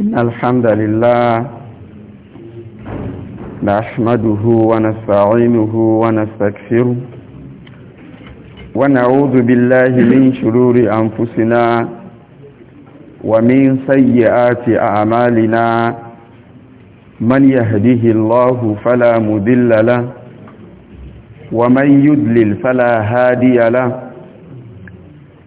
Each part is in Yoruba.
الحمد لله نحمده ونستعينه ونستكفره ونعوذ بالله من شرور أنفسنا ومن سيئات أعمالنا من يهده الله فلا مذل له ومن يدلل فلا هادي له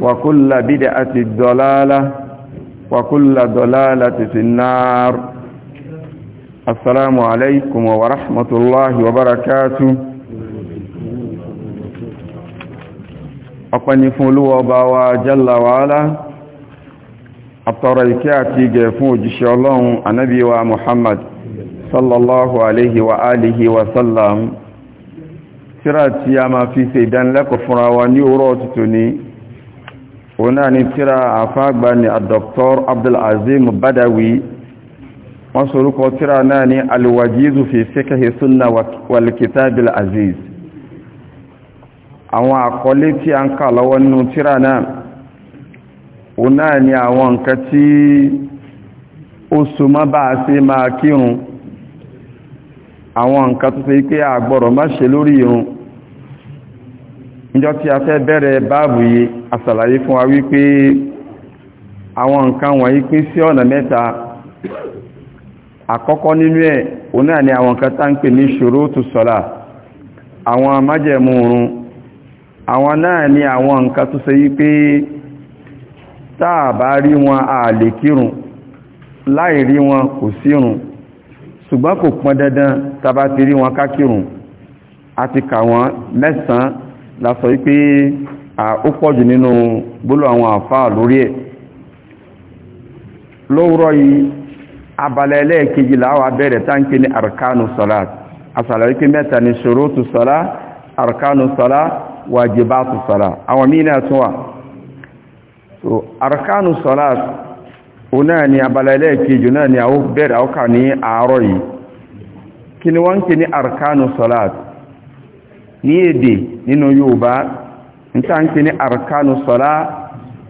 وكل بدعة الضلالة وكل ضلالة في النار السلام عليكم ورحمة الله وبركاته ọ̀pẹ́ni fún olúwọ ọba wa jalla wa ala àtọrọ ìkẹ́ àti ìgẹ̀ fún òjíṣẹ́ ọlọ́run ànábì wa Muhammad sallallahu alaihi wa alihi wa sallam tíra tí a ma fi ṣe ìdánilẹ́kọ̀ọ́ fúnra wa ní òwúrọ̀ tuntun ni òun náà ni tíra àfáàgbà ni Dr. Abdulazim Badawi wọ́n sorúkọ tíra náà ni alwajizu fi fiqhi sunna walkitabil aziz àwọn àkọlé tí a ń kà lọ́wọ́ nínú tíra náà òun náà ni àwọn nǹkan tí ó súnmọ́ bá a sí máa kírun àwọn nǹkan tó ṣe pé àgbọ̀rọ̀ má ṣe lórí irun níjọ́ tí a fẹ́ bẹ̀rẹ̀ báàbù yìí àṣàlàyé fún wa wípé àwọn nǹkan wọ̀nyí pín sí ọ̀nà mẹ́ta àkọ́kọ́ nínú ẹ̀ òun náà ni àwọn nǹkan tá ń pè ní sọ́lá àwọn májẹ̀mú oorun àwọn náà ni àwọn nǹkan tó ṣe wípé táà bá rí wọn a lè kírun láì rí wọn kò sírun ṣùgbọ́n kò pọn dandan tàbá ti rí wọn ká àti kà wọ́n mẹ́sàn-án la sọ wípé ó pọ̀jù nínú gbólù àwọn àfáà lórí ẹ̀ lówùrọ̀ yìí abalẹ̀ ẹlẹ́ẹ̀kejì bẹ̀rẹ̀ táǹkì ní arkanu salat asàlẹ̀ wípé mẹ́ta ni tu salat arkanu salat tu salat àwọn mìíràn tún wà so arkanu salat o ni abalẹ̀ ẹlẹ́ẹ̀kejì náà ni àwọn bẹ̀rẹ̀ àwọ́kà ní àárọ̀ yìí kí ni wọ́n ń kí ní arkanu salat ní èdè nínú Yorùbá nke a nke ni arkanu sọ́lá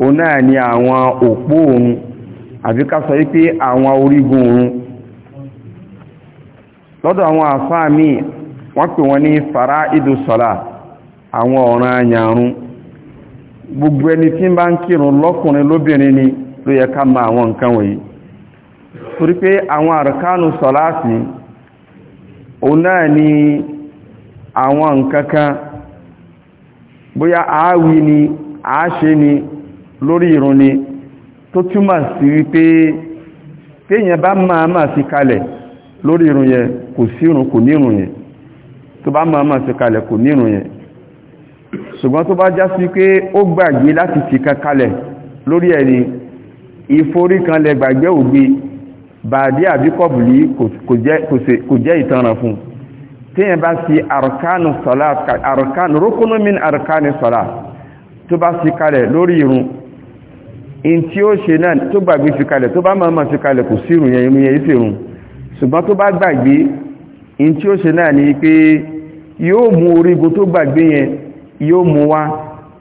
òun ni àwọn òpó òun àbí ká sọ wípé àwọn origun òun lọ́dọ̀ àwọn àfáà míì wọ́n pè wọ́n ní fara idu sọ́lá àwọn ọ̀ràn àyàrún gbogbo ẹni tí bá ń kírun lọ́kùnrin lóbìnrin ni ló yẹ ká ma àwọn nǹkan wọ̀nyí torí pé àwọn àrùkánù sọ̀láàtì òun náà ni àwọn nǹkan kan bóyá àáwí ni àáṣe ni lórí ìrun ni tó túmọ̀ sí wípé téèyàn bá máa máa fi kalẹ̀ lórí ìrun yẹn kò sí ìrun kò ní ìrun yẹn tó bá máa máa fi kalẹ̀ kò ní ìrun yẹn ṣùgbọ́n tó bá já sí pé ó gbàgbé láti fi kan kalẹ̀ lórí ẹni ìforíkanlẹ̀ gbàgbé ògbé bàdí àbíkọ̀bùlí kò jẹ́ ìtanràn fún un téèyàn bá sí arkanu sọ́lá arkanu rúkúnú min arkanu sọ́lá tó bá sí kalẹ̀ lórí irun in tí ó ṣe náà tó gbàgbé sí kalẹ̀ tó bá máa máa sí kalẹ̀ kò sí irun yẹn yẹn sí irun ṣùgbọ́n tó bá gbàgbé in tí ó ṣe náà ni pé yóò mú orígun tó gbàgbé yẹn yóò mú wá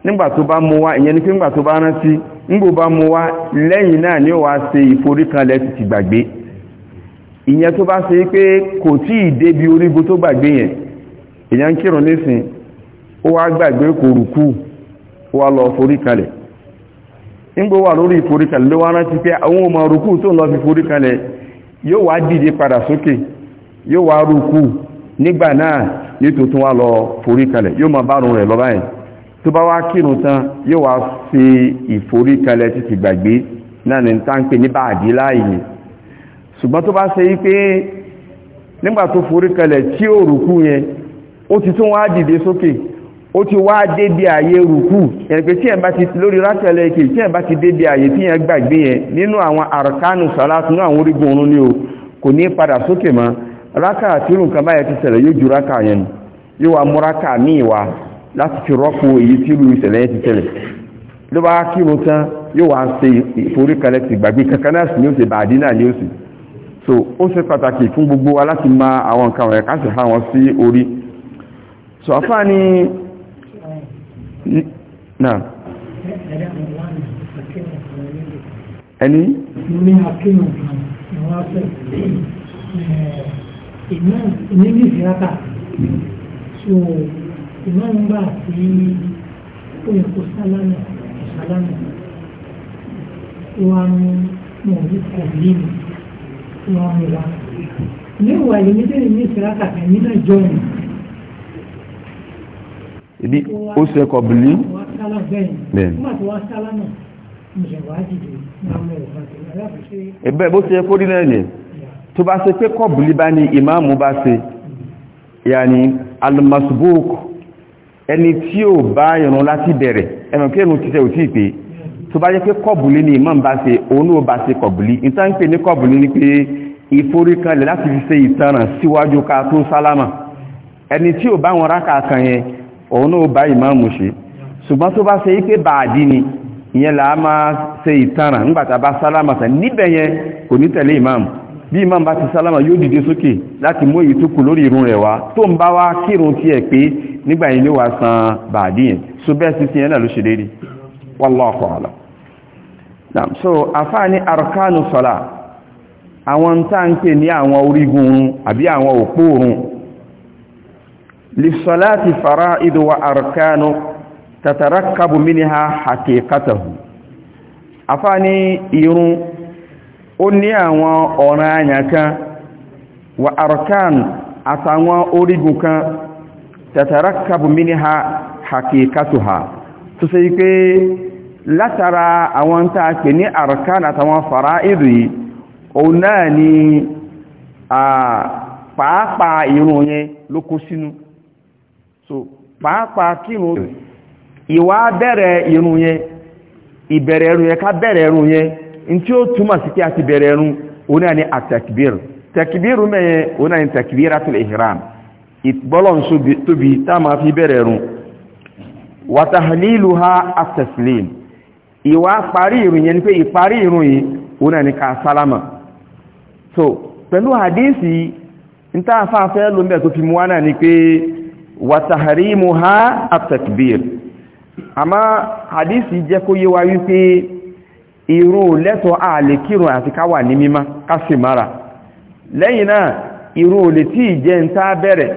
nígbà tó bá mú wá ìyẹn ni pé nígbà tó bá rántí nígbà bá mú wá lẹ́yìn náà ni ó wá ṣe ìforíkanlẹ̀ ti ti gbàgbé ìyẹn tó bá se pé kò tí ì débi orígun tó gbàgbé yẹn èyàn ó wá gbàgbé kò rùkú wà lọ forí kalẹ̀ wà lórí ìforí kalẹ̀ ló wá rántí pé àwọn ọmọ rùkú tó lọ fi forí kalẹ̀ yóò wá dìde padà lọ yóò máa bárun rẹ̀ tó bá wá tán yóò wá fi títí gbàgbé náà ní ṣùgbọ́n tó bá ṣe yí pé nígbà tó forí kalẹ̀ tí ó rùkú yẹn ó ti tún wá dìde sókè ó ti wá dédé àyè rùkú yẹn pé tí ẹ̀ bá ti lórí rákẹ̀lẹ̀ kì tí ẹ̀ bá ti dédé àyè tí yẹn gbàgbé yẹn nínú àwọn àrùkánù sàlátù nínú àwọn orígun oorun ni o kò ní padà sókè mọ́ rákà tí nǹkan báyẹn so ó ṣe pàtàkì fún gbogbo wa láti ma àwọn nǹkan rẹ̀ káṣẹ̀ ha wọn sí orí so afá ni náà ẹni ní ń gbà sí òyìnbó sálámà tí wọ́n ń wá níwà èmi tẹ́lẹ̀ ní ìsìláta ẹ̀mí náà jọ ẹ̀ ibi ó ṣe kọ bìlí ẹ̀bẹ̀ bó ṣe kó rí náà yẹ tó bá ṣe pé kọbùlí bá ní ìmáàmù bá ṣe yàní almasbuk ẹni tí ó bá ìrun láti bẹ̀rẹ̀ ẹnu kí ẹnu títẹ̀ ò tí ì pé tó bá jẹ́ pé kọ̀bùlí ni imam bá ṣe òun ò bá ṣe kọ̀bùlí ìta ń pè ní kọ̀bùlí ni pé ìforíkanlẹ̀ láti fi ṣe ìtanràn síwájú ká tó sálámà ẹni tí ò bá wọn rákà kan yẹn òun ò bá imam ṣe ṣùgbọ́n tó bá ṣe ipé bàádí ni ìyẹn là á máa ṣe ìtanràn nígbàtà bá sálámà tán níbẹ̀ yẹn kò ní tẹ̀lé imam bí imam bá ti sálámà yóò dìde sókè láti mú èyí tó kù lórí ìrun rẹ̀ wá tó ń bá wá kírun tiẹ̀ ló wá san bàádí yẹn so bẹ́ẹ̀ yẹn náà ló ṣe déédéé wallahu a'lam naam so àfáà ní arkanu sọ́lá àwọn tá ń pè ní àwọn orígun oorun àbí àwọn òpó oorun lissalati fara'idu wa arkanu tatarakkabu minha haqiqatahu àfáà ní ìrun ó ní àwọn ọ̀ràn àyàn kan wa arkan àtàwọn orígun kan tatarakkabu minha haqiqataha tó sẹ́yí pé látara àwọn tá a ni ní arkan àtàwọn fara iri yìí ni pàápàá ìrun yẹn ló kó sínú so pàápàá kírun ìwà bẹ̀rẹ̀ ìrun yẹn ìbẹ̀rẹ̀ ìrun yẹn ká bẹ̀rẹ̀ ìrun yẹn in tí ó túmọ̀ sí a ti bẹ̀rẹ̀ ìrun o náà ni àtẹ̀kìbìr tẹ̀kìbìr mẹ́yẹn òun náà ni takbiratul ihram ìbọ́lọ̀ tóbi tá a máa fi bẹ̀rẹ̀ ìrun wa ha ìwà parí ìrun yẹn ni pé ìparí ìrun yìí òun náà ni ká sálámà so pẹ̀lú hadisi ní tá a fà fẹ́ ló ń bẹ̀ tó fi mú wá náà ni pé wàtàhárí mu ha àtẹ̀kbìr àmá hadisi jẹ́ kó yé wa wípé ìrun lẹ́tọ̀ọ́ àlè kírun àti ká wà ní mímá ká sì mara lẹ́yìn náà ìrun ò tí ì ń tá bẹ̀rẹ̀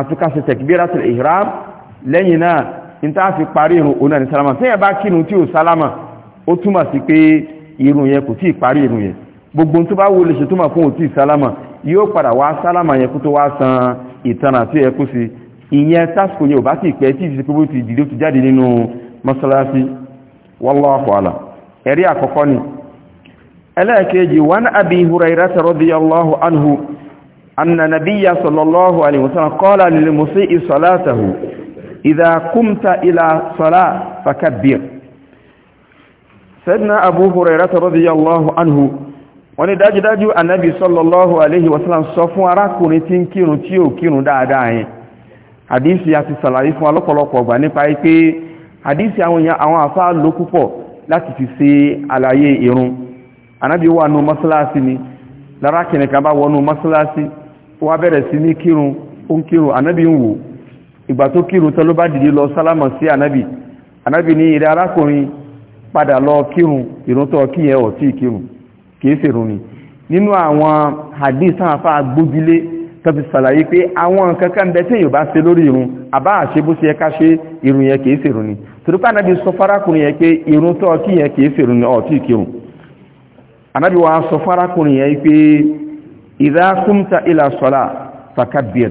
àti ká tẹ̀kbìr ní tá fi parí irun òun náà ní sálámà tí yẹn bá tí ò sálámà ó túmọ̀ sí pé irun yẹn kò tí irun yẹn gbogbo tó bá wo lè ṣe tó fún òtí sálámà yóò padà wá sálámà yẹn kó tó wá san ìtanà tí yẹ sí ìyẹn tásìkò yẹn ò bá sì pẹ́ tí wallahu ni ẹlẹ́ẹ̀kejì wọn anhu idha kumta ila salah fakabbir sayyidina abu hurairah radiyallahu anhu wọ́n ní dájú dájú annabi sallallahu alaihi wasallam sọ fún arákùnrin tí ń kírun tí ó kírun dáadáa yẹn hadisi àti ṣàlàyé fún alọ́pọ̀lọpọ̀ ọgbà nípa pé hadisi àwọn èèyàn àwọn àfáà ló púpọ̀ láti fi ṣe àlàyé irun anábi wà nù mọ́sálásí ni lárákìnrin kan bá wọnú mọ́sálásí wọ́n bẹ̀rẹ̀ sí ní kírun ó ń kírun anábi ìgbà tó kírun tán ló bá dìde lọ sálámọ̀ sí ànábì ànábì ní ìrẹ́ arákùnrin padà lọ kírun ìrúntọ́ kí ẹ ọ̀ tí kìí sèrún ni nínú àwọn hadith àfá gbójúlé tó fi sàlàyé pé àwọn kankan bẹ tí èyàn bá ṣe lórí ìrun àbá àṣe bó ṣe ẹ ká ṣe ìrun yẹn kìí sèrún ni torípé ànábì sọ fárákùnrin yẹn pé ìrúntọ́ kí yẹn kìí sèrún ni ọ̀ tí kírun ànábì wa sọ fárákùnrin yẹn pé idha qumta ila salat fakabbir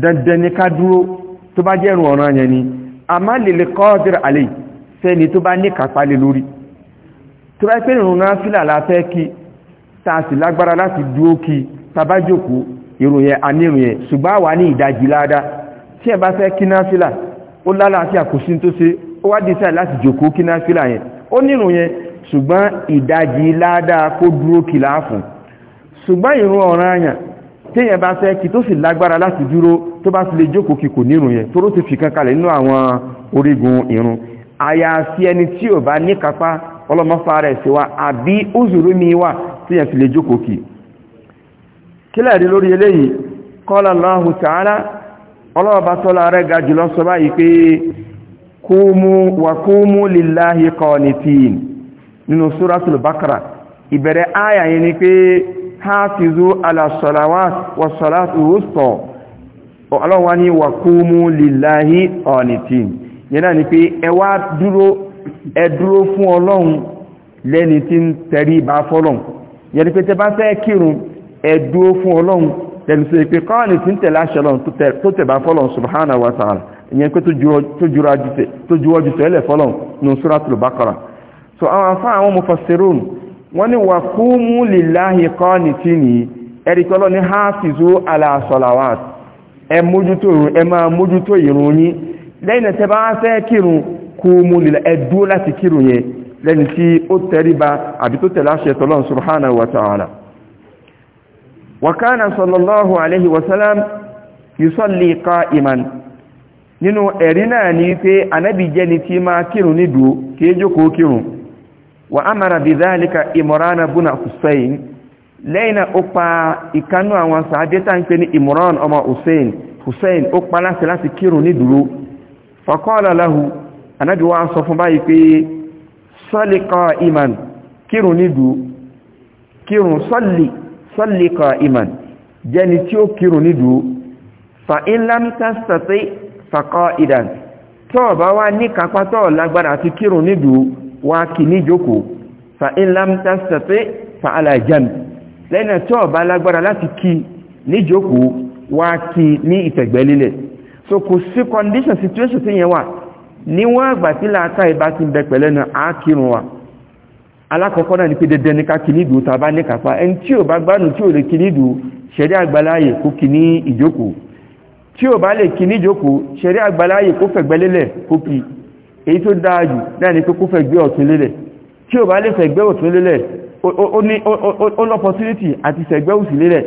dandan ní ká dúró tó bá jẹ́ ìrun ọ̀ràn yẹn ni a má lè lè kọ́ọ̀dìrì àlè sẹ́ni tó bá ní kápá lé lórí tó bá pé ìrun náà fílà la fẹ́ kí tá a sì lágbára láti dúró kí tá bá jókòó ìrun yẹn a ní ìrun yẹn ṣùgbọ́n àwa ní ìdajì láadáa tí ẹ bá fẹ́ kí náà fílà ó lálàáfíà téèyàn bá fẹ́ kí tó sì lágbára láti dúró tó bá sì lè jókòó kí kò nírun yẹn tóró ti fi kankalẹ̀ nínú àwọn orígun irun àyàfi ẹni tí ò bá níkapá ọlọ́mọ́fà rẹ̀ sí wa àbí òzùrú mi wà téèyàn fi lè jókòó kí kílẹ̀ lórí eléyìí qala Allahu ta'ala ọlọ́ọ̀bá tọ́lá rẹ̀ ga jùlọ sọ báyìí pé kúmú wa kúmú lillahi qanitin nínú suratul Baqara ìbẹ̀rẹ̀ áyà yẹn ni pé hafizu alasalawat wasalatu wusto ọlọ́wà ní wà kúmú lillahi ọ̀nìtín yẹ́nà ni pé ẹwà dúró ẹdúró fún ọlọ́run lẹ́ni tí ń tẹrí bá fọ́lọ́run yẹ́nà pé tẹ bá fẹ́ kírun ẹdúró fún ọlọ́run lẹ́ni tí pé kọ́ọ̀nì tí ń tẹ̀lá ṣẹlọ́run tó tẹ̀ bá fọ́lọ́run subhanahu wa ta'ala ìyẹn pé tó juwọ́ jù tẹ́lẹ̀ fọ́lọ́run nù suratul baqara so àwọn afá àwọn mufassirun wọ́n ní wà kúmú lìláhì qanitin ẹ̀ríkọ́lọ́ ní hafizu ala salawat ẹ mójútó ìrun ẹ máa mójútó ìrun yín lẹ́yìn tẹ́ bá fẹ́ kírun kúmú lìlá ẹ dúró láti kírun yẹn lẹ́ni tí ó tẹríba àbí tó tẹ̀lé àṣẹ tọ́lọ́n ní pé anábì wa amara bidhalika imran ibn husayn lẹ́yìn ó pa ìkanú àwọn sàádé tá ń pè ní imran ọmọ hussein hussein ó pa láti láti kírun ní dúró faqala lahu anábí wá sọ fún báyìí pé salli qa'iman kírun ní dúró kírun salli salli qa'iman jẹni tí ó kírun ní dúró fa in lam tastati fa qa'idan tọ́ọ̀bá wá ní kápátọ́ lágbára àti kírun ní dúró wá kì joko, fa in lam tastati fa ala jamb lẹ́nà tí ọba lágbára láti kí ní jókòó wá kí ní ìtẹ̀gbẹ́ lílẹ̀ so kò sí condition situation tí yẹn wà níwọ̀n àgbà tí láàká ìbá ti bẹ pẹ̀lẹ́ na a kírun wa alákọ̀ọ́kọ́ náà ní pé dẹ̀dẹ̀ ní ká kì ní ìdù tàbá ní kàfà ẹni tí ò bá gbádùn tí ò lè kì ní ìdù ṣẹ̀rí àgbàláyè kó kì ní ìjókòó tí ò bá lè kì ní ìjókòó ṣẹ̀rí àgbàláyè kó fẹ̀gbẹ́lélẹ̀ èyí tó dáa jù náà ni pé kó fẹ̀gbẹ́ ọ̀tún lélẹ̀ tí ò bá lè fẹ̀gbẹ́ ọ̀tún lélẹ̀ ó lọ́pọ̀túnítì àti fẹ̀gbẹ́ òsì lélẹ̀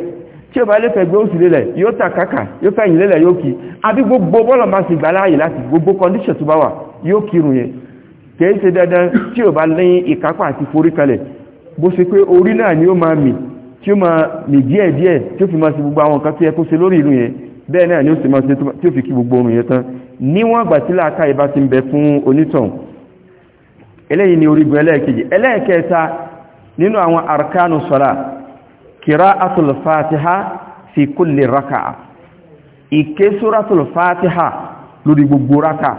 tí ò bá lè fẹ̀gbẹ́ òsì lélẹ̀ yóò tàkàkà yóò fẹ̀yìn lélẹ̀ yóò kí àbí gbogbo bọ́ọ̀lọ̀ máa sì gbà láàyè láti gbogbo kọndíṣẹ̀ tó bá wà yóò kírun yẹn kìí ṣe dandan tí ò bá lẹ́yìn ìkápá àti forí kalẹ̀ bó ṣe pé orí náà ni ó máa mì tí ó máa mì díẹ̀díẹ̀ tí ó fi máa ṣe gbogbo àwọn nǹkan tó yẹ kó ṣe lórí ìrun yẹn bẹ́ẹ̀ náà ni ó sì máa ṣe tí ó gbogbo orun yẹn tán níwọ̀n àgbà tí láàká ti ń bẹ fún onítàn eléyìí ni orígun ẹlẹ́ẹ̀kejì ẹlẹ́ẹ̀kẹta nínú àwọn arkanu sọ́lá kira'atul fatiha fi kulle raka ìké suratul lórí gbogbo raka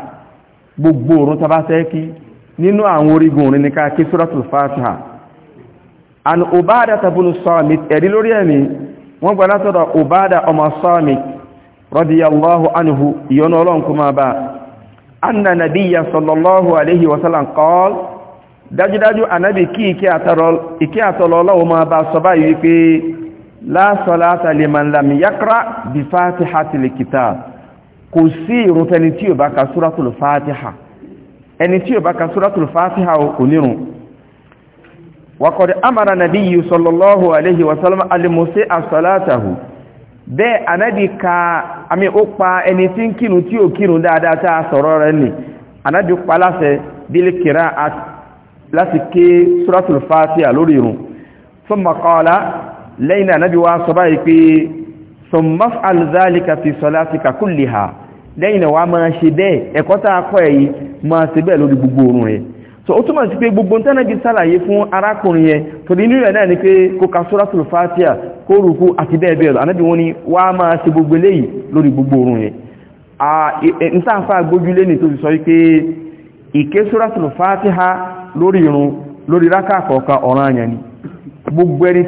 gbogbo orun tàbá sẹ́ẹ̀kí nínú àwọn orígun orin ní ké suratul an wọ́n látọ̀dọ̀ ọmọ radiyallahu anhu ìyọ́nú ọlọ́run kó máa bá anna nabiyya sallallahu alayhi wa sallam qala dájúdájú ànábì kí ìkẹ́ àtọ̀lọ́ ọlọ́run máa bá sọ báyìí wípé la salata liman lam yaqra bi fatihatil kitab kò sí ìrúnfẹ́ni tí ò bá ka súratul fatiha ẹni tí ò bá ka súratul fatiha kò nírun wa qad amara nabiyyu sallallahu alayhi wa sallam alimusi asalatahu bẹ́ẹ̀ anábì ka àmì ó pa ẹni tí ń kírun tí ò kírun dáadáa tá a sọ̀rọ̀ rẹ̀ nì anábì pa láṣẹ bílí kìrá láti ké suratul fatiha lórí irun thumma qala lẹ́yìn anábì wá sọ báyìí pé thumma fa'al dhalika fi salatika kulliha lẹ́yìn wá máa ṣe bẹ́ẹ̀ ẹ̀kọ́ tá a kọ́ ẹ̀yí máa ṣe bẹ́ẹ̀ lórí gbogbo orun rẹ̀ so otu túmọ̀ sí pé gbogbo ń tẹ́nàbí sàlàyé fún arákùnrin yẹn torí nínú ẹ̀ náà ni pé kó ka suratul Fatiha kó rùkú àti bẹ́ẹ̀ bẹ́ẹ̀ lọ wọn ni wá máa ṣe gbogbo eléyìí lórí gbogbo oorun yẹn n nta gbójúlé ní tó sọ ìké ha lórí irun lórí ọ̀ràn àyàn ni gbogbo ẹni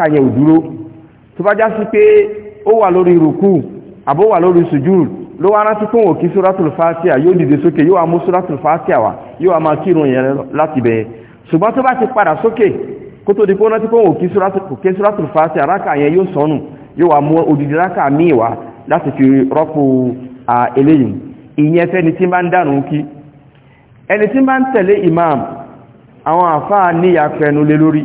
tí tó bá já sí pé ó wà lórí rùkú àbó wà lórí sùjúd ló wá rántí fún òkí suratul fatiha yóò dìde sókè yóò wá mú suratul fatiha wá yóò wá máa kírun yẹn láti bẹ̀ ṣùgbọ́n tó bá ti padà sókè kó tó di pé ó rántí fún òkí suratul fatiha rákà yẹn yóò sọnù yóò wá mú odidi rákà míì wá láti fi rọ́pò eléyìí ìyẹn fẹ́ni tí máa ń dànù kí ẹni tí máa ń tẹ̀lé imam àwọn àfáà níyà fẹnu lé lórí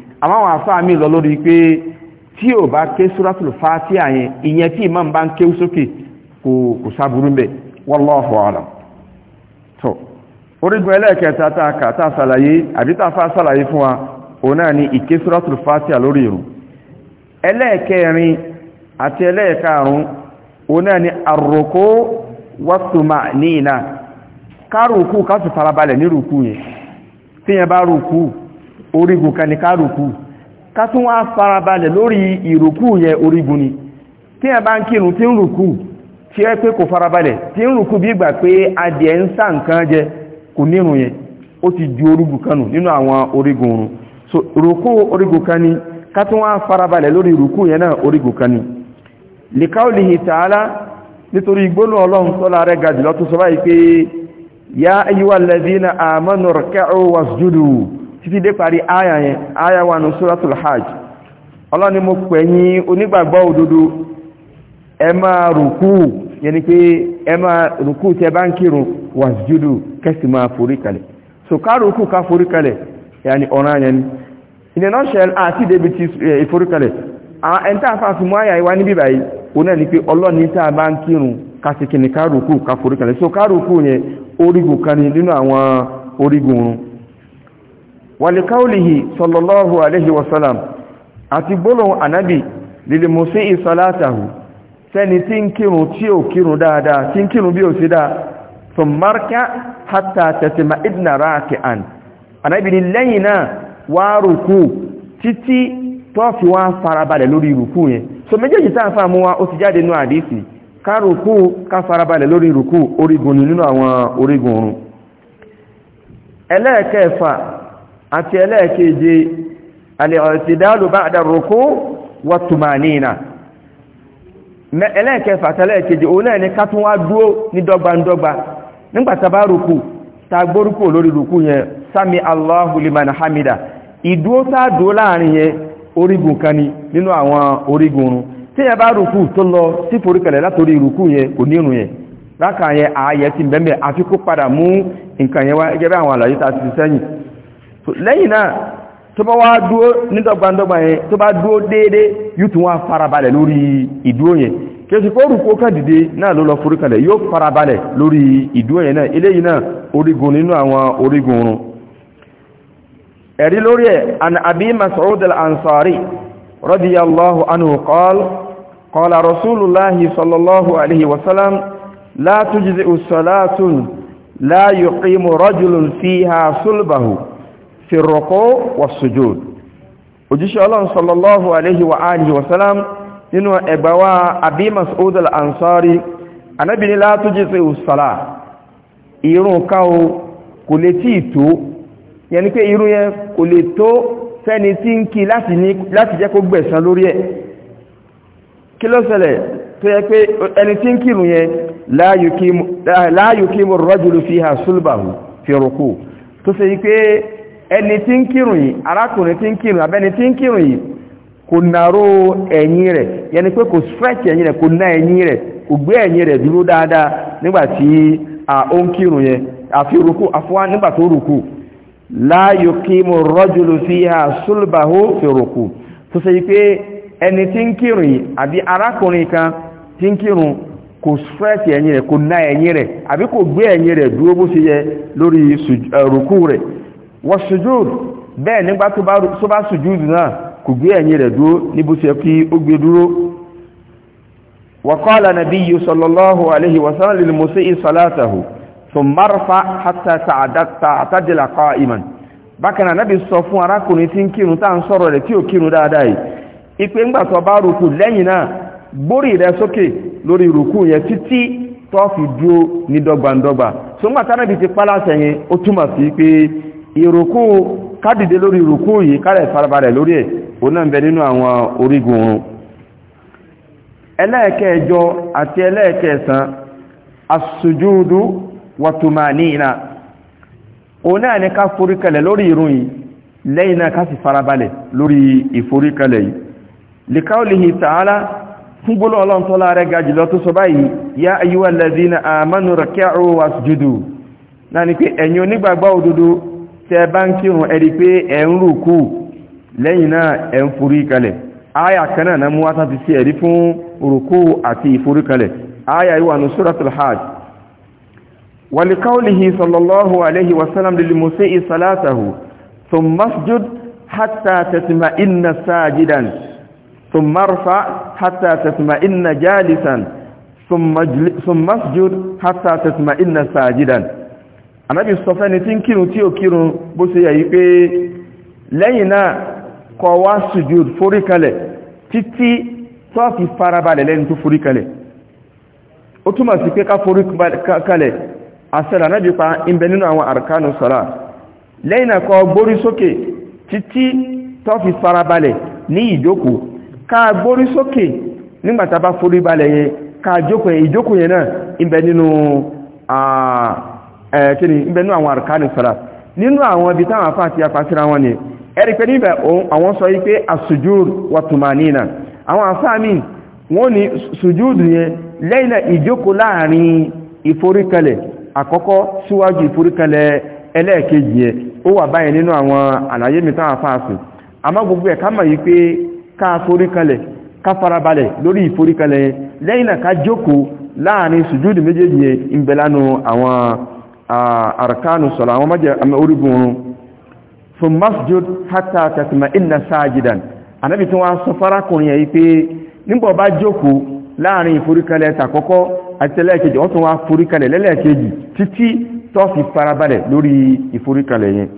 àmọ́ àwọn àfáà mi lọ lórí pé tí ò bá ké súrátùlù fàtíà yẹn ìyẹn tí imam bá ń ké sókè kò kò sáburú ń bẹ̀ wallahu alam tó orígun ẹlẹ́ẹ̀kẹta tá a kà tá a ṣàlàyé àbí tá a fà ṣàlàyé fún wa òun náà ni ìké súrátùlù fàtíà lórí ìrun ẹlẹ́ẹ̀kẹrin àti ẹlẹ́ẹ̀karùn òun náà ni àròkó wọ́tùmá ní ìná ká rùkú ní rùkú yẹn tíyẹn bá rùkú orígun kan ní ká rùkú ká tún wá farabalẹ̀ lórí ìrùkú yẹ orígun ni tí a bá ń kírun tí ń rùkú tí ẹ pé kò farabalẹ̀ tí ń rùkú bí gbà pé adìẹ ń sá nǹkan jẹ kò nínú yẹn ó ti di orígun kan nù nínú àwọn orígun oorun so rùkú orígun kan ni ká tún wá farabalẹ̀ lórí ìrùkú yẹn náà orígun kan ni likaulihi ta'ala nítorí gbónú ọlọ́run tó láàrẹ gajùlọ tó sọ báyìí pé ya ayyuhal ladhina amanu rka'u wasjudu títí dé parí àyà yẹn àyà hajj ọlọ́ni mo pẹ̀ yín onígbàgbọ́ òdodo ẹ máa rùkú yẹn pé ẹ máa rùkú tẹ bá ń kírun wàsjúdù kẹsì máa forí kalẹ̀ so ká rùkú ká forí kalẹ̀ yàní yẹn ni a nutshell àti débi ti eh, kalẹ̀ a fà àyà níbí báyìí náà ni pé ọlọ́ni bá ń walikaulihi sallallahu alaihi wasallam àti gbólóhùn anabi lil musii salatahu sẹ́ni tí ń kírun tí ó kírun dáadáa tí ń kírun bí ó sì dáa thummarka hatta tatma idna raki'an anabi ní lẹ́yìn náà wá ruku títí tó fi wá farabalẹ̀ lórí ruku yẹn so méjèèjì tá fa mú wá ó ti jáde nú hadisi ká ruku ká farabalẹ̀ lórí ruku òrígun nínú àwọn òrígun run ẹlẹ́kẹfà àti ẹlẹ́ẹ̀keje al-i'tidalu ba'da a ruku wat-tumanina ẹlẹ́ẹ̀kẹfà àtẹlẹ́ẹ̀keje òun náà ni dúó ní dọ́gbandọ́gba nígbà tá a bá rùkù tá a gbórúkù yẹn sami Allahu hamida ìdúó tá láàrin yẹn orígun ni ààyẹ ti ya àfikún padà mú nǹkan yẹn gẹ́gẹ́ àwọn àlàyé tá sẹ́yìn lẹ́yìn náà tó bá wá dúó nítọ̀gbàndọ́gbà yẹn tó bá dúó déédé yóò tún wá farabalẹ̀ lórí ìdúó yẹn kẹsì kó rùkú ká dìde náà ló lọ foríkalẹ̀ yóò farabalẹ̀ lórí ìdúó yẹn náà eléyìí náà orígun nínú àwọn orígun oorun ẹ̀rí lórí ẹ̀ an abi mas'ud al-ansari radiyallahu anhu qala qala rasulullahi sallallahu alaihi wasallam la tujzi'u salatun la yuqimu rajulun fiha sulbahu fi rọ̀kọ́ wà sujud òjíṣẹ́ ọlọ́run sallallahu alaihi wa alihi wa salam nínú ẹgbàwà abi mas'ud al-ansari Ànábì ní la tujzi'u salat irun káwo kò lè tí ìtò yẹni pé irun yẹn kò lè tó fẹ́ni tí ń kí láti jẹ́ kó gbẹ̀san lórí ẹ̀ kí ló ṣẹlẹ̀ tó yẹ pé ẹni tí ń kírun yẹn la yuqimu rajulu fiha sulbahu fi ruku tó ṣe pé ẹni tí ń kírun yìí arákùnrin tí ń kírun abẹ́ni tí ń kírun yìí kò nàró ẹ̀yìn rẹ̀ yẹni pé kò stretch ẹ̀yìn rẹ̀ kò ná ẹ̀yìn rẹ̀ kò gbé ẹ̀yìn rẹ̀ dúró dáadáa nígbàtí ó ń kírun yẹn àfi fi ha sólùbàhó fi rúkú tó ṣe pé ẹni tí ń kírun yìí àbí arákùnrin kan tí ń kò stretch ẹ̀yìn rẹ̀ kò ná ẹ̀yìn rẹ̀ àbí kò gbé wọ́n sùjúdù bẹ́ẹ̀ nígbà tó bá sùjúdù náà kò gbé ẹ̀yìn rẹ̀ dúró níbo ṣe kí ó gbé dúró وقال النبي صلى الله عليه وسلم للمسيء صلاته ثم ارفع حتى تعتدل قائما bákan náà Ànábì sọ fún arákùnrin tí ń kírun tá ń sọ̀rọ̀ rẹ̀ tí ò kírun dáadáa yìí ipe ńgbà tó bá rùkù lẹ́yìn náà gbórí rẹ̀ sókè lórí rùkù yẹn títí tó fi ní dọ́gbandọ́gba so ńgbà tí Ànábì ti pálásẹ̀ ó túmọ̀ sí pé ìrùkú kádìde lórí ìrùkú yìí kárẹ̀ farabalẹ̀ lórí ẹ̀ o náà bẹ nínú àwọn orígun oorun ẹlẹ́ẹ̀kẹ́ẹ̀jọ àti ẹlẹ́ẹ̀kẹ́ẹ̀sán asùjúdú wàtùmánìna o náà ní ká foríkalẹ̀ lórí ìrun yìí lẹ́yìn náà ká sì farabalẹ̀ lórí ìforíkalẹ̀ yìí likaulihi ta'ala fún gbólọ́ ọlọ́run rẹ̀ ga tó sọ báyìí ya ayyuhallazina amanu raki'u wasjudu náà ni pé enyo onígbàgbọ́ tẹ bá ń kírun ẹ̀rí pé ẹ̀ ń rùkú lẹ́yìn náà ẹ̀ ń forí kalẹ̀ áyà kan náà mú wá tàbí sí ẹ̀rí fún rùkú àti ìforí kalẹ̀ áyà ní suratul hajj ولقوله صلى الله عليه وسلم للمسيء صلاته ثم اسجد حتى تطمئن ساجدا anabi sọ fẹ́ni tí ń kírun tí ò kírun bó ṣe yẹ̀ yí pé lẹ́yìn náà kó wá sujud foríkalẹ̀ títí tó fi farabalẹ̀ lẹ́ni tó foríkalẹ̀ ó túmọ̀ sí pé ká foríkalẹ̀ àṣẹ́rẹ̀ anábì pa ń nínú àwọn àrkánù sọ́lá lẹ́yìn náà kó gbórí sókè títí tó fi farabalẹ̀ ní ìjókòó ká gbórí sókè nígbàtà bá foríbalẹ̀ yẹn ká yẹn kíni ìbẹ̀nú àwọn àrùkánì sọ́lá nínú àwọn ibi táwọn afá àti apásíra wọn ni ẹ̀rì pẹ̀lú àwọn sọ wípé asùjúr wàtùmánínà àwọn afáàmì wọ́n ni sùjúdù yẹn lẹ́yìn ìjókòó láàrin ìforíkalẹ̀ àkọ́kọ́ síwájú ìforíkalẹ̀ ẹlẹ́ẹ̀kejì ẹ̀ láàrin méjèèjì àwọn arkanu sọ̀rọ̀ àwọn mọ́jẹ̀ orígun oorun fún masjid hata tatma ina saajidan, anábi tí wọ́n sọ fárakùnrin yẹ̀ pé nígbà bá jókòó láàrin ìforíkalẹ̀ tàkọ́kọ́ àtẹ́lẹ́kejì wọ́n tún wá foríkalẹ̀ lẹ́lẹ́kejì títí tó fi farabalẹ̀ lórí ìforíkalẹ̀ yẹn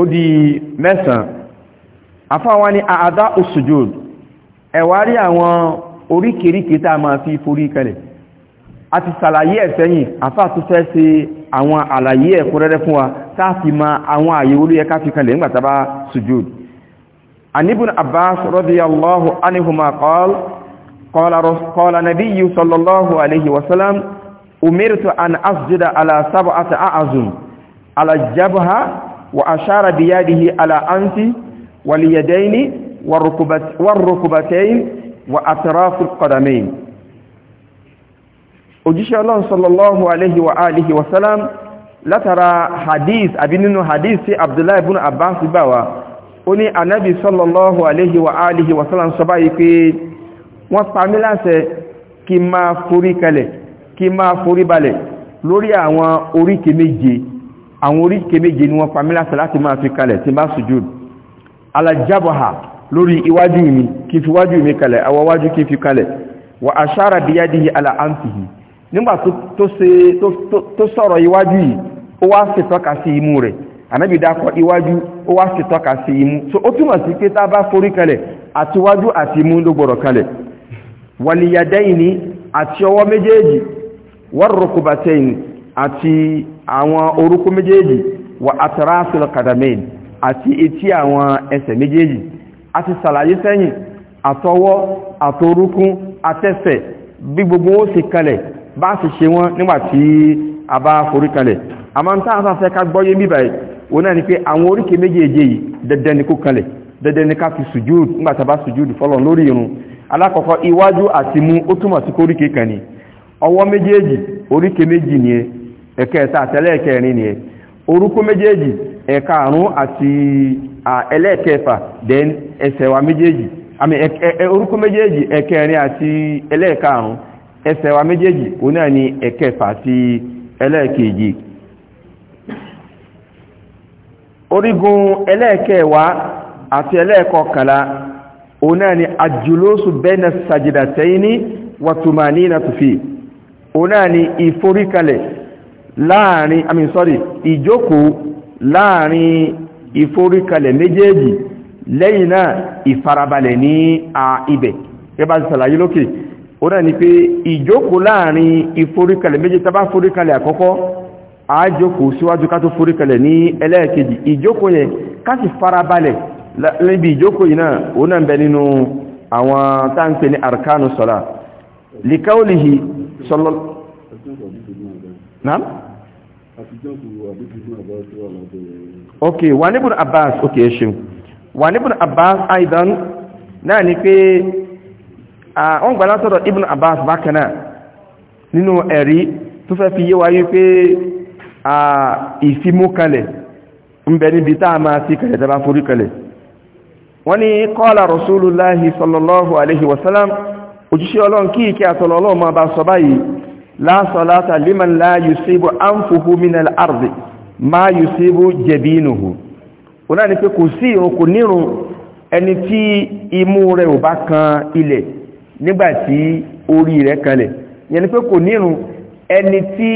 ó di mẹ́sàn afáwọn ni àádá òsùjòd ẹ̀wárí àwọn oríkèríkè tá a máa fi foríkalẹ̀ a ti sàlàyé ẹ̀ sẹ́yìn àfáà tó fẹ́ ṣe àwọn àlàyé ẹ̀kúnrẹ́rẹ́ fún wa káàfi ma àwọn àyè olú yẹ káàfi kan lè ńgbà tàbá sujud anibun abbas radiyallahu anihuma qal qala qala wa sallam al qadamayn òjíṣẹ́ ọlọ́run sallallahu alayhi wa alihi wa salam látara hadith àbí nínú hadith tí abdullahi ibn abbas gbà wá ó ní anabi sallallahu alayhi wa alihi wa salam sọ báyìí pé wọ́n pa mí láṣẹ kí máa forí kalẹ̀ kí máa forí balẹ̀ lórí àwọn oríkè méje àwọn oríkè méje ni wọ́n pa mí láṣẹ láti máa fi kalẹ̀ tí bá sujud alajabaha lórí iwájú mi kí fi wájú mi kalẹ̀ awọwájú kí fi kalẹ̀ wa ashara biyadihi ala anfihi nígbà tó sọ̀rọ̀ iwájú yìí ó wá sì tọ́ka sí imú rẹ̀ ànábì dákọ̀ iwájú ó wá sì tọ́ka sí imú so ó túmọ̀ sí pé tá bá forí kalẹ̀ àtiwájú àti imú ló gbọ́dọ̀ kalẹ̀ wàlìyàdẹ́yìní àti ọwọ́ méjèèjì wọ́rùkùbàtẹ́yìn àti àwọn orúkú méjèèjì wà àtàràfil kàdàmẹ́yìn àti bá sì ṣe wọ́n nígbàtí a bá forí kanlẹ̀ àmọ́ tá ka fẹ́ ká gbọ́yé bíbà yìí náà ni pé àwọn oríkèé méjèèjì yìí dandan ni kó kanlẹ̀ dandan ni ká fi sùjúd nígbàtí a bá sùjúd fọlọ́n lórí irun alákọ̀ọ́kọ́ iwájú àti mú ó sí kan ni ọwọ́ méjèèjì oríkèé méjì ni ni ẹsẹ̀ wa méjèèjì ó náà ni ẹ̀kẹfà sí ẹlẹ́ẹ̀kejì orígun ẹlẹ́ẹ̀kẹwàá àti ẹlẹ́ẹ̀kọkànlá ó náà ni àjùlóṣù bẹ́ẹ̀nà sàjìdàtẹ́yìn wàtùmánínà tùfì ó náà ni ìforíkalẹ̀ láàrin I mean sorry ìjókòó láàrin ìforíkalẹ̀ méjèèjì lẹ́yìn náà ìfarabalẹ̀ ní a ibẹ̀ ẹbá ti sàlàyé lókè ó náà ni pé ìjókòó láàrin ìforíkalẹ̀ méjì tá bá foríkalẹ̀ àkọ́kọ́ a jókòó síwájú ká tó foríkalẹ̀ ní ẹlẹ́ẹ̀kejì ìjókòó yẹn ká sì farabalẹ̀ níbi ìjókòó yìí náà ó náà ń bẹ nínú àwọn táǹpẹ̀ ní arkanu sọ́lá likaulihi sọ́lọ́ ok wà níbùn abbas wọ́n gbà látọ̀dọ̀ Ibn Abbas bákanáà nínú ẹ̀rí tó fẹ́ fi yé wáyé pé ìfimúkalẹ̀ ń bẹ níbi tá a máa fi kalẹ̀ tàbá forí kalẹ̀ wọ́n ní qala rasulullahi sallallahu alaihi wasallam òjíṣẹ́ ni pé kò ilẹ̀ nígbàtí orí rẹ̀ kanlẹ̀ yẹni pé kò nírun ẹni tí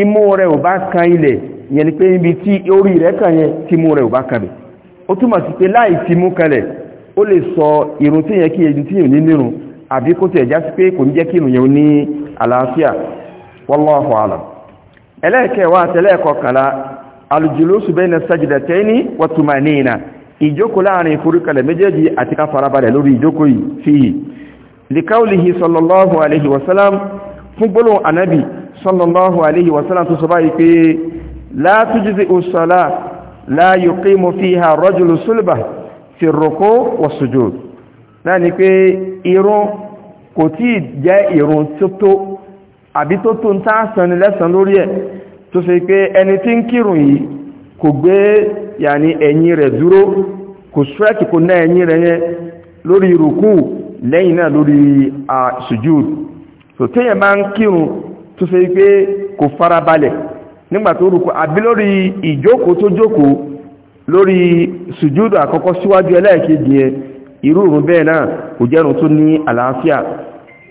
imú rẹ̀ ò bá kan ilẹ̀ yẹni pé ibi tí orí rẹ̀ kan tí rẹ̀ ò bá ó sí pé láì ti mú kanlẹ̀ ó lè sọ irun tí yẹn kí ẹni tí yẹn ní nírun àbí kó tẹ̀ já sí pé kò ní jẹ́ kí irun ní àlàáfíà ẹlẹ́ẹ̀kẹwàá alùjùlóṣù bẹ́ẹ̀ na sajdatayni wa tumanina ìjókòó láàrin ìforúkalẹ̀ méjèèjì àti ká lórí likaulihi sallallahu alaihi wasallam fún gbólóhùn anabi sallallahu alaihi wasallam tó sọ báyìí pé la tujzi usala la yuqimu fiha rajulu sulba fi ruku wa sujud nani pé ìrun kò tí jẹ́ ìrun tó àbí tó tó nta san lẹ́san lórí ẹ̀ tó ṣe pé ẹni tí ń kírun yìí kò gbé yani ẹ̀yìn rẹ̀ dúró kò strike kò na ẹ̀yìn rẹ̀ yẹn lórí ruku lẹ́yìn náà lórí sujud so téèyàn bá ń kírun tó ṣe pé kò farabalẹ̀ abi lori ijoko àbí lórí ìjókòó tó jókòó lórí sujud àkọ́kọ́ síwájú ẹlẹ́ẹ̀kejì yẹn irú òun bẹ́ẹ̀ náà kò jẹ́rùn tó ní àlàáfíà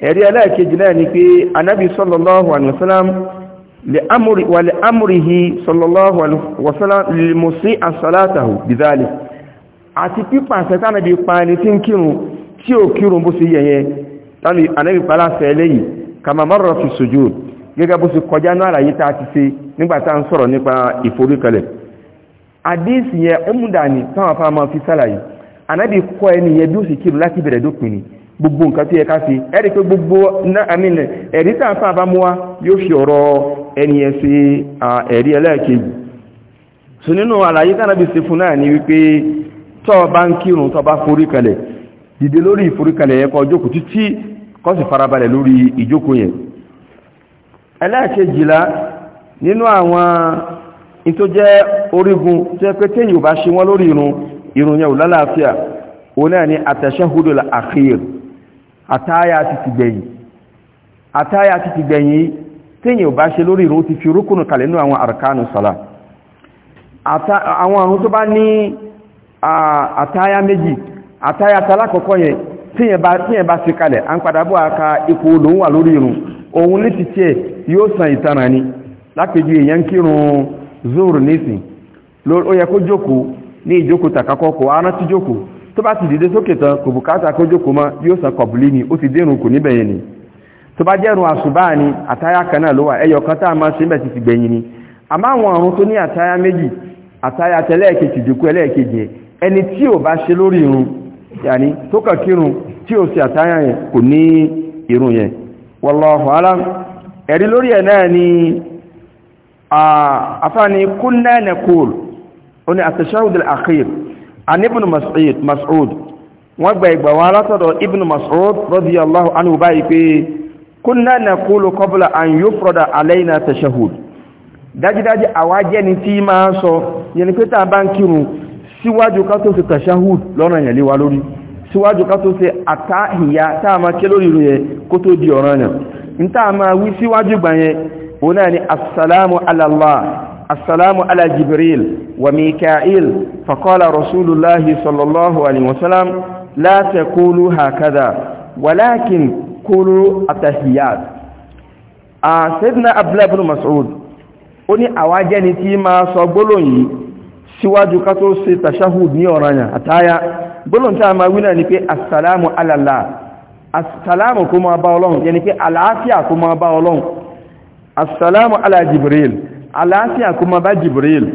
ẹ̀rí ẹlẹ́ẹ̀kejì náà ni pé anábì sallallahu tí ó kírun bó ṣe yẹ̀yẹ tàbí anẹ́bí paláṣẹ eléyìí kama marra fi sujud gẹ́gẹ́ bó ṣe kọjá náà àlàyé tá a ti ṣe nígbàtá ń sọ̀rọ̀ nípa ìforíkalẹ̀ àdíìsì yẹn ó mú dání táwọn afá máa fi sálàyé anẹ́bí kọ́ ẹni yẹn bí ó ṣe kírun láti bẹ̀rẹ̀ dópin ni gbogbo nǹkan tó yẹ ká ṣe ẹ̀rí pé gbogbo ẹ̀rí tá a fà bá mú wa yóò fi ọ̀rọ̀ ẹni yẹn ṣe ẹ̀rí ẹlẹ́ẹ̀kejì so nínú àlàyé tánàbí ṣe fún náà ni wípé tó bá ń kírun tó bá forí kalẹ̀ dìde lórí ìforíkalẹ̀ yẹn kó jókòó títí kó sì farabalẹ̀ lórí ìjókòó yẹn ẹlẹ́ẹ̀kejìlá nínú àwọn tó jẹ́ orígun tẹ́ pé téèyàn bá ṣe wọ́n lórí irun irun lálàáfíà òun náà ni àtẹ̀ṣẹ́húdòlà àkíyèr àtáyà ti ti gbẹ̀yìn àtáyà ti ti gbẹ̀yìn téèyàn bá ṣe lórí irun ti fi rúkùnù kalẹ̀ nínú àwọn àrkánu sọ̀lá àwọn àrùn tó bá ní àtáyà méjì àtàyàtà lákọ̀ọ́kọ́ yẹn tíyẹn bá tíyẹn bá ṣe kalẹ̀ à ń padà bọ́ àka ipò lòun wà lórí irun òun ní ti tiẹ̀ yóò san ìtanràn ni lápèjú èèyàn kírun zoro nísìn ó yẹ kó jókòó ní ìjókòó tàkàkọ́ kò ara ti jókòó tó bá ti dìde sókè tán kò bùkátà kó jókòó mọ́ yóò san kọ̀bùlì ni ó ti dérun kò níbẹ̀ yẹn ni tó bá jẹ́rùn àṣùbá ni àtàyà kan náà ló wà ẹyọ kan tá a máa ṣe ń bẹ̀ ti ti gbẹ̀yìn ni àmọ́ àwọn àrùn tó ní àtàyà méjì àtàyà tẹ́lẹ̀kejì dìkú ẹlẹ́ẹ̀kejì ẹni tí ò bá ṣe lórí irun yàní tó kà kírun tí ó sì àtàyà yẹn kò ní irun yẹn wallahu alam ẹ̀rí lórí ẹ̀ náà ni afáàní kunna naqul ó ní at-tashahhud al-akhir an ibn mas'ud wọ́n gba ìgbà wọn látọ̀dọ̀ ibn mas'ud radiyallahu anhu báyìí pé kunna naqulu qabla an yufrada alayna tashahhud dájídájí àwa síwájú ká tó ṣe tashahud lọ́nà yẹn lé wa lórí síwájú ká tó ṣe àtàhìyà tá a máa ké lórí irun yẹn kó tó di ọ̀ràn yẹn ní tá a máa wí síwájú gbà yẹn òun náà ni assalamu ala Allah assalamu ala Jibril wa síwájú ká tó ṣe tashahud ní ọ̀ranyàn àtáyá gbọ́nà tí a máa wí náà ni pé assalamu alallah assalamu kó máa bá ọlọ́run yẹni pé àlàáfíà kó máa bá ọlọ́run assalamu ala jibril àlàáfíà kó máa bá jibril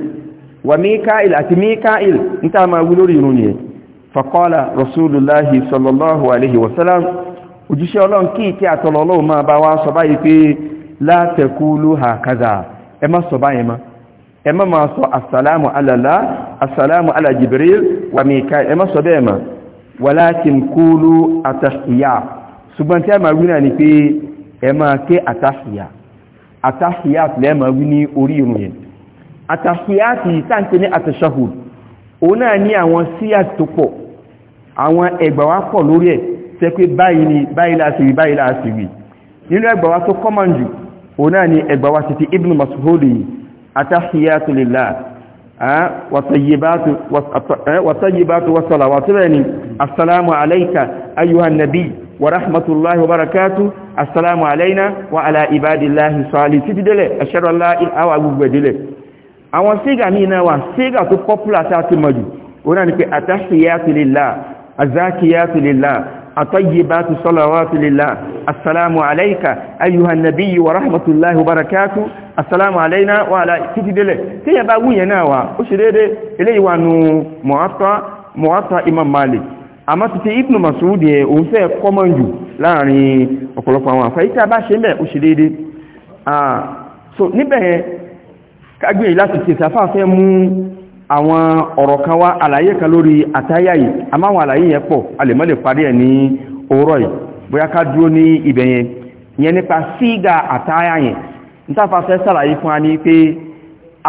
wa mikail àti mikail ní tá a máa wí lórí irun yẹn faqala rasulullahi ẹ má máa sọ assalamu alala assalamu ala jibril wa mikael ẹ má sọ bẹ́ẹ̀ ma walakin kulu atahiya ṣùgbọ́n tí a máa wí náà ni pé ẹ máa ké atahiya atahiya tilẹ̀ máa wí ní orí irun yẹn atahiya ti sáǹtẹ̀ ní atashahud òun náà ní àwọn síyà tó pọ̀ àwọn ẹgbà wa pọ̀ lórí ẹ̀ tẹ́ pé báyìí ni báyìí láti báyìí láti nínú ẹgbà wa tó kọ́mọ̀ jù òun náà ni ẹgbà wa ti ti ibn mas'ud atahiyatu lillah والطيبات والصلوات يعني السلام عليك أيها النبي ورحمة الله وبركاته السلام علينا وعلى عباد الله صالح تدلي أشهد أن لا إله إلا الله بدلي àwọn sígà ní iná wa sígà tó pọ́pùlà sáà ti mọ̀jù onáà ni pé àtàṣíyàtìlélà àzákìyàtìlélà الطيبات الصلوات لله السلام عليك أيها النبي ورحمة الله وبركاته السلام علينا وعلى تجدله تي با وينا وا اوشريده الي وانو موطا موطا امام مالك àmọ́ ti ti ibn masoud yẹ òun fẹ́ kọ́mọ̀ jù láàrin ọ̀pọ̀lọpọ̀ àwọn àfẹ́ ìta bá ṣe mẹ́ ó ṣe déédé so àwọn ọ̀rọ̀ kan wá àlàyé kan lórí àtáyà yìí a máa wọn àlàyé yẹn pọ̀ a lè mọ́lẹ̀ parí ẹ̀ ní òwúrọ̀ yìí bóyá ká dúró ní ibẹ̀ yẹn yẹn nípa sígà àtáyà yẹn nítafàṣẹ́ sàlàyé fún wa ní pé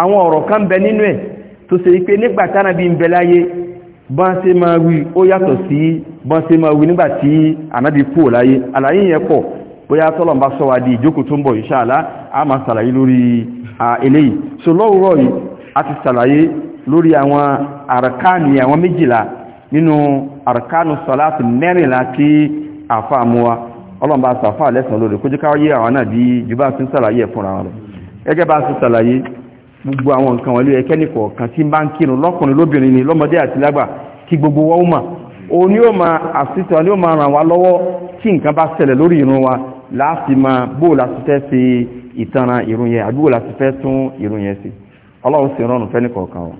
àwọn ọ̀rọ̀ kan bẹ nínú ẹ̀ tó ṣe pé nígbà tánà bí ń bẹ láyé bọ́n ṣe máa wí ó yàtọ̀ sí bọ́n ṣe máa wí nígbà tí ànábì kú láyé àlàyé yẹn pọ̀ bóyá tọ́lọ̀ bá sọ wá di ìjókòó tó ń bọ̀ insha a máa sàlàyé lórí eléyìí so lọ́wọ́rọ̀ yìí a ti sàlàyé lórí àwọn àrkáàni àwọn méjìlá nínú àrkáàni sọ́láàtì mẹ́rìnlá tí àfàmúwa ọlọ́mbà sàfà lẹ́sàn lórí kó jíká yí àwọn náà bí jùbá sí sàlàyé fúnra rẹ̀ gẹ́gẹ́ bá sí sàlàyé gbogbo àwọn nǹkan wọlé ẹkẹ́ nìkọ̀ kan tí bá ń kírun lọ́kùnrin lóbìnrin ni lọ́mọdé àti lágbà kí gbogbo wọ́n mà òun ni ó ma àsìtọ̀ ni ó ma ràn wá lọ́wọ́ tí nǹkan bá ṣẹlẹ̀ lórí ìrun wa láti máa la láti fẹ́ ṣe ìtanràn ìrun yẹn àbí bóò láti fẹ́ tún ìrun yẹn sí ọlọ́run sì rọrùn fẹ́ nìkọ̀ọ̀kan wọn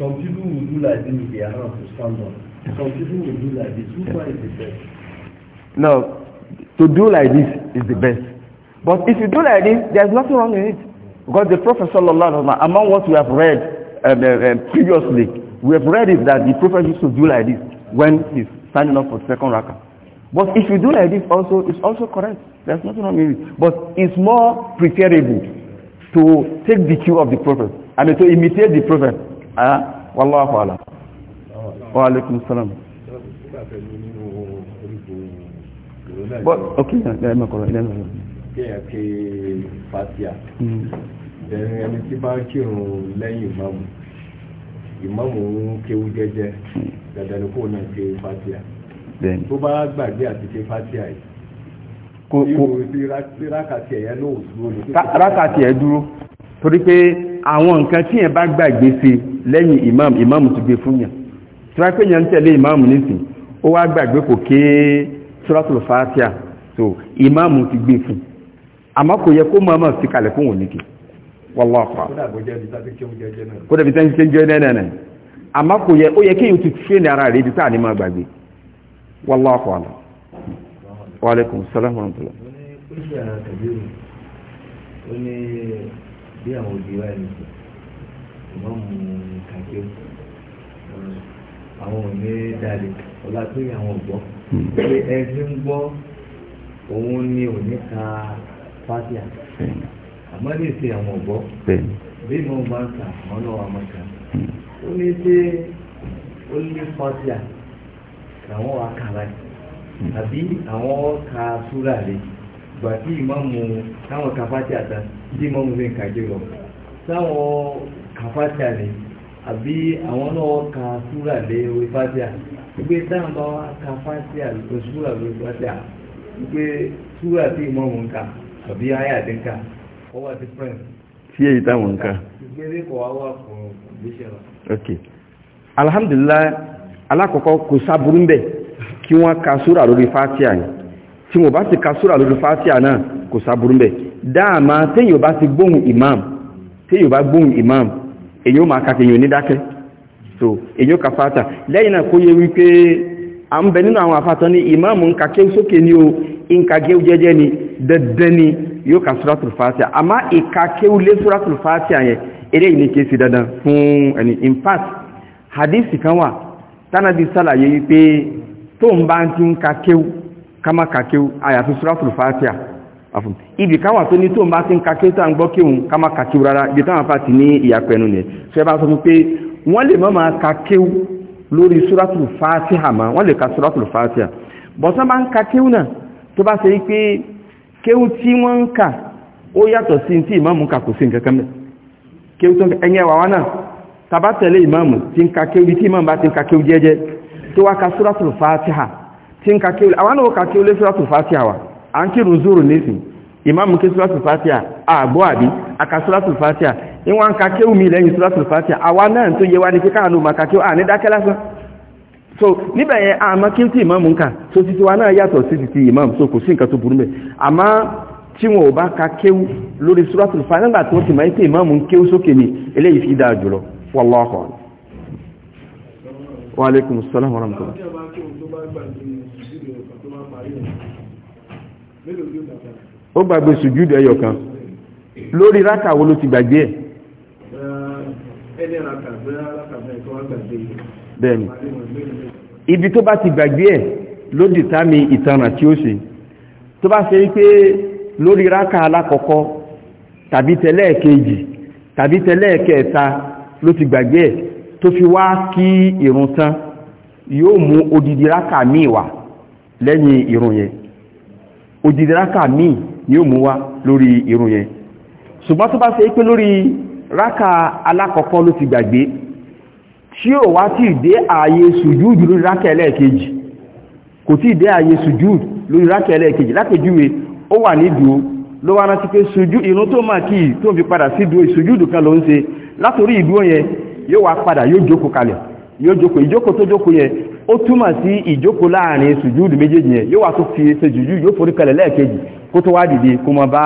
Some people will do like this with their hands to stand up. Some people will do like this. Which one is the best? No, to do like this is the best. But if you do like this, there's nothing wrong in it. Because the Prophet sallallahu alaihi wasallam, among what we have read um, uh, previously, we have read is that the Prophet used to do like this when he's standing up for second rakah. But if you do like this also, it's also correct. There's nothing wrong in it. But it's more preferable to take the cue of the Prophet. I mean, to imitate the Prophet ah wallahu a'lam wa alaikum salam but okay ẹ mọ̀ kọ̀rọ̀ ilẹ̀ mọ̀ kéèyàn ké fatia bẹ̀rẹ̀ hmm. ẹni tí bá ń kírun lẹ́yìn ìmáàmù ìmáàmù ń kéwú jẹ́jẹ́ hmm. dandan kó náà ké fatia tó bá gbàgbé àti ké fatia yìí rákàtì ẹ̀ dúró torí pé àwọn nǹkan tí yẹn bá gbàgbé sí lẹ́yìn imam imam ti gbé fún yàn tí wọ́n pè yàn tẹ̀lé imam nísìn ó wá gbàgbé kò ké suratul so imam ti gbé fún àmọ́ kò yẹ kó máa máa fi kalẹ̀ fún òní kì wallahu kódà bí sẹ́ńtì sẹ́ńtì jẹ́ nẹ́nẹ́ àmọ́ kò yẹ ó yẹ kí yóò ti train ara rẹ̀ di táà ní máa gbàgbé bí àwọn òbí nìkan ìmọ̀mù kàkíó àwọn ò ní dalẹ̀ tó yẹ àwọn gbọ́ hmm. pé ẹni ń gbọ́ òun ni ò ní ka fásíà àmọ́ ní ìsìn àwọn ọ̀gbọ́ bí mo máa ń kà àwọn náà wà máa kà hmm. ó ní ṣe ó ní fásíà làwọn wà kà láì hmm. àbí àwọn ka súrà lè gbà tí ìmọ̀mù táwọn ka fásíà tán tí ìmọ̀mù fi ń kàjé lọ táwọn kàfáṣà ni àbí àwọn náà ka súrà lé orí fáṣà wípé táwọn bá wá ka fáṣà òṣùwà lórí fáṣà wípé súrà tí ìmọ̀mù ń kà àbí ayé àdínká ọwọ́ àti friend. tí èyí táwọn ń kà. ìgbélé kò wá wà fún ìgbésẹ̀ wa. ok alhamdulilayi alakọkọ kò sábúrú ń bẹ kí wọ́n ka súrà lórí fáṣà yìí tí wọ́n bá ti ka súrà lórí fáṣíà náà kò sáburú bẹ̀ dáàmà téyàn bá ti gbóhùn imam téyàn bá gbóhùn imam èyí ó máa kàkì èyàn ní dákẹ́ so èyí ó ka fata lẹ́yìn náà kó yẹ wípé a ń bẹ nínú àwọn afáta ní ìmáàmù ń kàkẹ́ sókè ní o ń kàkẹ́ jẹ́jẹ́ ni dandan ni yóò ka suratul fatiha àmá ìkàkẹ́ lé suratul fatiha yẹn eré yìí ní kí sí dandan fún ẹni in afun ibi ká wà tó ní tó ń bá ti ń ka kí ó tá ń gbọ́ kí òun ká má ka kí ó rárá ibi táwọn afá ti ní ìyàpẹ̀nu nìyẹn ṣe bá sọ fún pé wọ́n lè má máa ka kí ó lórí suratul fatiha ma wọ́n lè ka suratul fatiha bọ́sán bá ń ka kí ó náà tó bá ṣe yí pé kí ó tí wọ́n ń kà ó yàtọ̀ sí tí ìmáàmù ka kò sí nǹkan kan mẹ́ kí ó tó ń ẹ̀yẹ wà wá náà tàbá tẹ̀lé ìmáàmù ti ń ka kí ó bí tí ti ń ka kí ó jẹ́jẹ́ tó wá ka suratul fatiha ti ń ka kí ó àwọn ka kí ó lé suratul fatiha wa à ń kírun zuru nísìn ìmáàmù kí suratul fatiha àgbọ́ àbí aka suratul fatiha ìwọ̀n ń ka kéwù mi lẹ́yìn suratul fatiha àwa a tó yẹ ma ka kéwù so níbẹ̀ so wa náà yato sí títí ìmáàmù so ko sí nǹkan tó burú mẹ́ àmọ́ tí ka ke lórí suratul fatiha nígbà tí wọ́n ti ni fi wa alaikum salam wa ó gbàgbé sùjúdù ẹyọ kan lórí rákà wo ló ti gbàgbé ẹ̀ bẹ́ẹ̀ni ibi tó bá ti gbàgbé ẹ̀ ló dìtámi ìtanà tí ó ṣe tó bá ṣe wípé lórí rákà alákọ̀ọ́kọ́ tàbí tẹlẹ́ẹ̀kejì tàbí tẹlẹ́ẹ̀kẹta ló ti gbàgbé ẹ̀ tó fi wá kí ìrun tán yóò mú odidi rákà míì wá lẹ́yìn ìrun yẹn òdìdí rákà míì ni ó mú wá lórí irun yẹn ṣùgbọ́n tó bá ṣe pé lórí rákà alákọ̀ọ́kọ́ ló ti gbàgbé tí ò wá tí ìdé ààyè sùjúùdù lórí rákà ẹlẹ́ẹ̀kejì kò tí ìdé ààyè sùjúùdù lórí rákà ẹlẹ́ẹ̀kejì lápèjúwe ó wà ní dúó ló wá rántí pé sùjú irun tó máa kí tó fi padà sí ìsùjúùdù kan ló ń ṣe látòrí ìdúó yẹn yóò wá padà yóò jókòó kalẹ̀ yóò jókòó ìjókòó tó jókòó yẹn ó túmọ̀ sí ìjókòó láàrin sùjúdù méjèèjì yẹn yóò wá tó fi ṣe jùjú yóò forí kalẹ̀ lẹ́ẹ̀kejì kó tó wá dìde kó mọ bá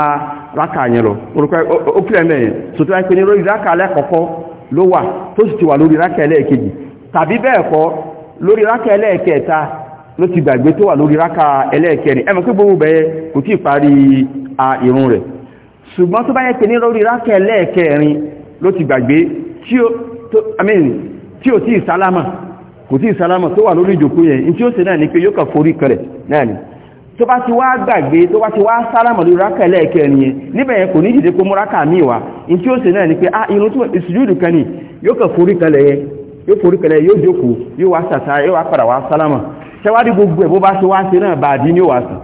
rákà yẹn lọ orúkọ ó kílẹ̀ mẹ́rin sòtú wáyé pé ní lórí rákà lẹ́kọ̀ọ́kọ́ ló wà tó sì ti wà lórí rákà lẹ́ẹ̀kejì tàbí bẹ́ẹ̀ kọ́ lórí rákà lẹ́ẹ̀kẹta ló ti gbàgbé tó wà lórí rákà ẹlẹ́ẹ̀kẹrin ẹmọ pé kò tí ìsálámà tó wà lórí ìjòkó yẹn in tí ó ṣe náà ni pé yóò kà forí kẹrẹ̀ náà ni tó bá ti wá gbàgbé tó bá ti wá sálámà lórí rákà ẹlẹ́ẹ̀kẹrin yẹn níbẹ̀ yẹn kò ní dìde kó mú rákà míì wá in tí ó ṣe náà ni pé ah irun tó ìsújúdù kan ni yóò kà forí kẹlẹ̀ yẹn yóò forí kẹlẹ̀ yóò jókòó yóò wá sàtà yóò wá padà wá sálámà ṣẹwádìí gbogbo ẹ̀ bó bá ni ó wà sùn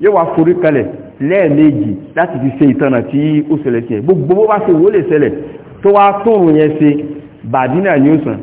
yóò wá forí kẹlẹ̀ lẹ́ẹ̀mejì láti fi ṣe ìtànà tí ó ṣẹlẹ̀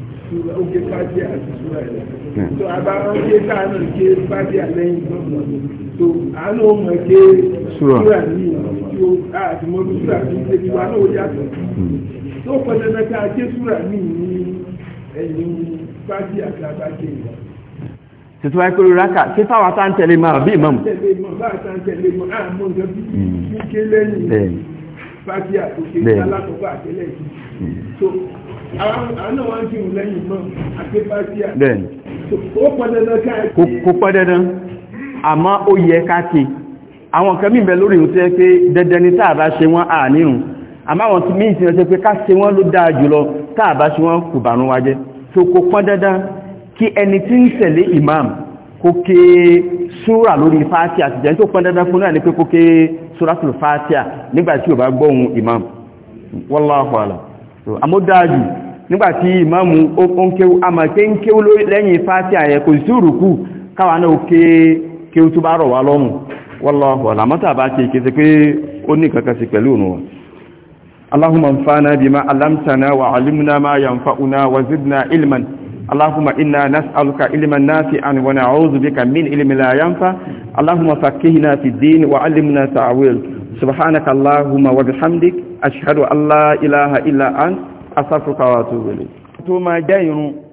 sura ó ké fájíà àti sura ẹ̀ tó hmm. àbá wọn ké káàánú ké fájíà lẹ́yìn tó àánú ọmọ ké sura ní tó àti mọ́tò sura tó ń tẹ̀lé wa náà ó yàtọ̀ tó hmm. pẹ̀lẹ́ mẹ́ta ké sura ní ní ẹ̀yìn fájíà tí a bá ké ìwà tètè wáyé pé rákà tí fáwọn tá ń tẹ̀lé máa bí ìmọ̀mù. tẹ̀lé mọ̀ bá a tá ń tẹ̀lé mọ̀ àmọ́ nǹkan bí fàájì àtòkè alákọ̀ọ́kọ́ àtẹ́lẹ̀ yìí so àwọn náà wọ́n ti wù lẹ́yìn mọ́ àti fàájì àtẹ́lẹ̀ ó pọ̀ dandan káàkiri kò pọ̀ dandan àmọ́ ó yẹ káàkiri àwọn kan mìíràn lórí ìhùn tẹ́ pé dandan ni táàbá ṣe wọ́n à nírun àmọ́ àwọn tí mìíràn ti rẹ̀ pé ká ṣe wọ́n ló dáa jùlọ táàbá ṣe wọ́n kò bàrún wa jẹ́ so kò pọ̀ dandan kí ẹni tí ń tẹ̀lé imam kó ké súrà lórí fàájì àtìjẹ́ tó pọ̀ dandan fún náà ni pé kó ké suratul fatiha nígbàtí ò bá gbóhun imam wallahu ala so amódájú nígbàtí imamu ó ń kéwú àmà ké ń kéwú lẹ́yìn fatiha yẹ kò sí òrùkú káwà náà ké kéwú tó bá rọ̀ wá lọ́rùn wallahu ala mọ́ta bá ti kése pé ó ní kankan sí pẹ̀lú òun اللهم انفعنا بما علمتنا وعلمنا ما ينفعنا وزدنا علما اللهم إنا نسألك علما نافعا ونعوذ بك من علم لا ينفع اللهم فكهنا في الدين وعلمنا تعويل سبحانك اللهم وبحمدك أشهد أن لا إله إلا أنت أستغفرك وأتوب إليك